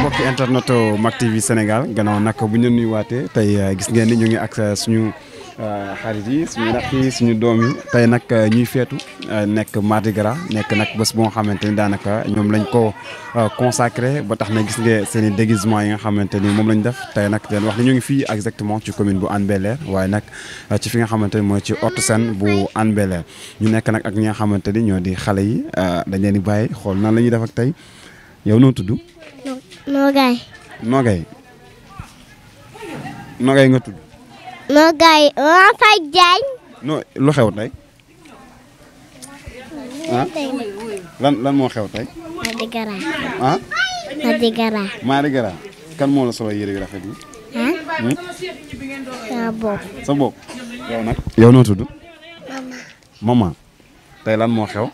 mbokki internet Mak TV Sénégal gannaaw nag bu ñu leen nuyuwaatee tey gis ngeen ni ñu ngi ak suñu. xarit euh, yi suñu rakk suñu doom yi tey nag euh, ñuy feetu euh, nekk Mardi Gras nekk nag bés boo xamante ni daanaka ñoom lañ ko consacré ba tax na gis nga seen i déguisement yi nga xamante ni moom lañ def tey nag leen wax ni ñu ngi fii exactement ci commune bu Hann waaye nag ci fi nga xamante ni mooy ci Hott Sène bu Hann ñu nekk nag ak ñi nga xamante ni ñoo di xale yi dañ leen di bàyyi xool nan la ñuy def tey yow noo tudd. Nogay. Nogay. nga tudd. moo gay jañ. non lu xew tey. lan lan moo xew tey. Madi Gara. ah. Madi Gara. kan moo la solo yére yu rafet yi. ah. sa bopp. sa yow noo tudd. mama. mama lan moo xew.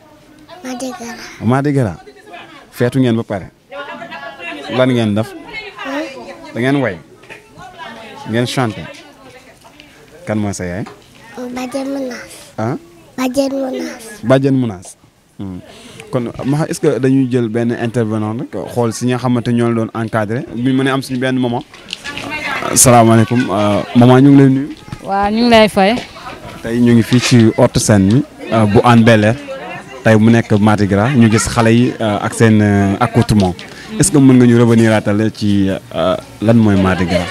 Madi Gara. Gara feetu ngeen ba pare. lan ngeen def. da ngeen way ngeen kan mooy sa yaay. Oh, Badiane Mounass. ah. Badiane Mounass. Badiane Mounass. Hmm. kon ma est-ce que dañuy jël benn intervenant rek xool si nga xamante ñoo la doon encadré bi mu ne am suñu benn maman. salaamaaleykum euh, maman ñu ngi lay nuyu. ñu ngi fii ci Hott Sène euh, bu Hann tey mu nekk Mardi ñu gis xale yi euh, ak seen accoutrement est-ce que mën nga ñu revenir ci lan mooy Mardi Gras.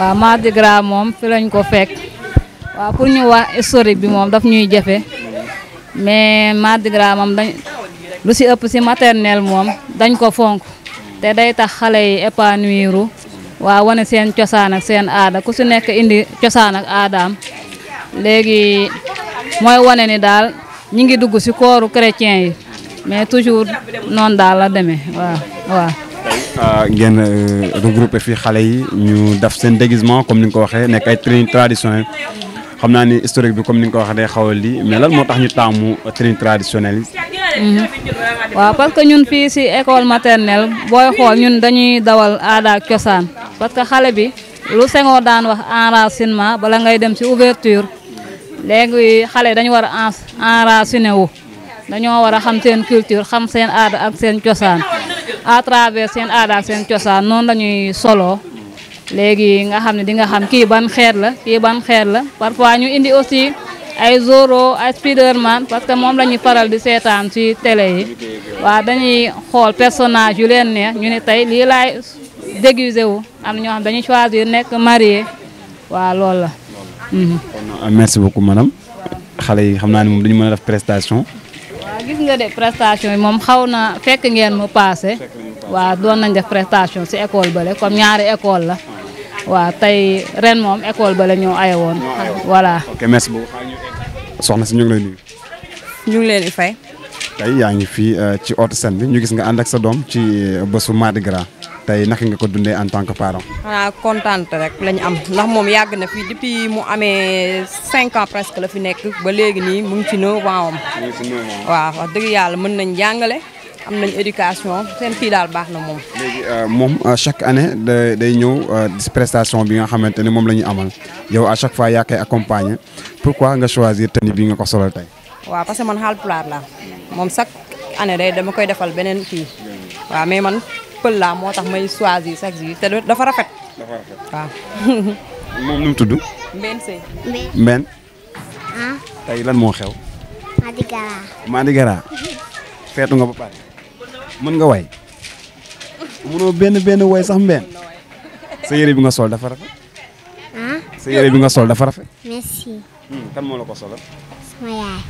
waaw Mardi Gras moom fi lañ ko fekk waaw pour ñu wax historique bi moom daf ñuy jafe mais Mardi Gras moom dañ lu si ëpp si maternelle moom dañ ko fonk te day tax xale yi épanouiru waa wane seen cosaan ak seen aada ku si nekk indi cosaan ak aadaam léegi mooy wane ni daal ñi ngi dugg si kooru chrétien yi mais toujours noonu daal la demee waaw ngeen euh, regroupé fii xale yi ñu def seen déguisement comme ni nga ko waxee nekk ay train traditionnel xam naa ni historique bi comme ni nga ko waxee day xaw a mais lan moo tax ñu taamu train traditionnel yi. Mm-hmm. waaw parce que ñun fii si école maternelle booy xool ñun dañuy dawal aada ak cosaan parce que xale bi lu Senghor daan wax enracinement bala ngay dem si ouverture léegi xale dañu war a enraciné wu dañoo war a xam seen culture xam seen aada ak seen cosaan. à travers seen aada seen cosaan noonu la ñuy soloo léegi nga xam ne di nga xam kii ban xeet la kii ban xeet la parfois ñu indi aussi ay Zoro ay Spiderman parce que moom la ñuy faral di seetaan si télé yi waaw dañuy xool personnage yu leen neex ñu ne tey lii laay déguisé wu am na ñoo xam dañuy choisir nekk marié waa loolu la. merci beaucoup madame xale yi xam naa ne moom dañu mën a def prestation. waaw gis nga de prestation yi moom xaw na fekk ngeen mu paase. waaw doon nañ def prestation si école bale comme ñaari école la. Ah. waaw tey ren moom école ba le ñoo aye woon. voilà. ok merci beaucoup soxna si ñu ngi lay nuyu. ñu ngi leen di fay. tey yaa ngi fii euh, ci haute scène bi ñu gis nga ànd ak sa doom ci euh, bésu Mardi Gras. tey naka nga ko dundee en tant que parent. ah contente rek lañu am ndax moom yàgg na fii depuis mu amee cinq ans presque la fi nekk ba léegi nii mu ngi ci neuf ans am. waaw wax dëgg yàlla mën nañ jàngale. am nañ éducation seen fii daal baax na moom. léegi euh, moom euh, chaque année day ñëw euh, prestation bi nga xamante ne moom la ñu amal yow à chaque fois yaa koy accompagner pourquoi nga choisir tenue bi nga ko solal tey. waaw parce que man Haalpulaar laa moom chaque année day koy defal beneen kii waaw pël laa moo tax may choisir chaque jour te dafa rafet. dafa rafet waaw. moom nu mu tudd. Mbène Seye. Mbène. ah. lan moo xew. Madi Gara. Gara. feetu nga ba pare. mën nga way. mënoo benn benn way sax mbenn sa yére bi nga sol dafa rafet. Ah. sa yére bi nga sol dafa rafet. merci. Hmm, ko solal.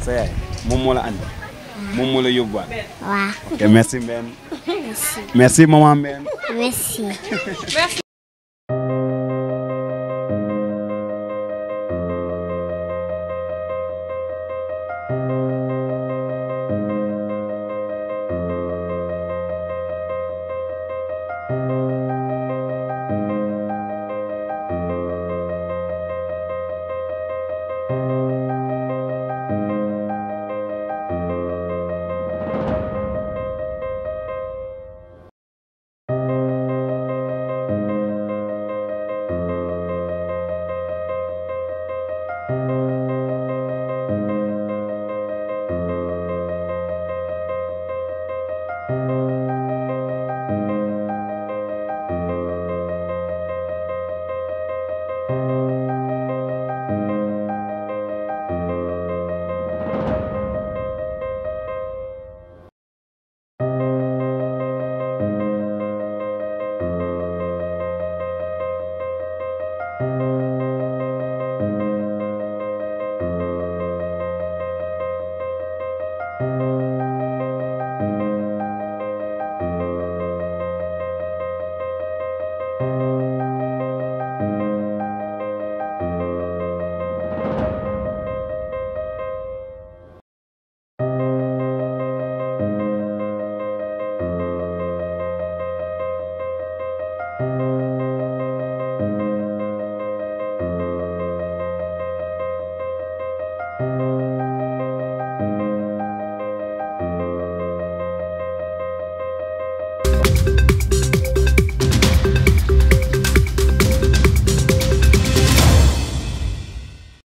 sama moom moo la andi. Ah. moom moo la yóbbuwaat. waaw. ok merci Mbène. Merci. Merci, maman. Merci. Merci. thank you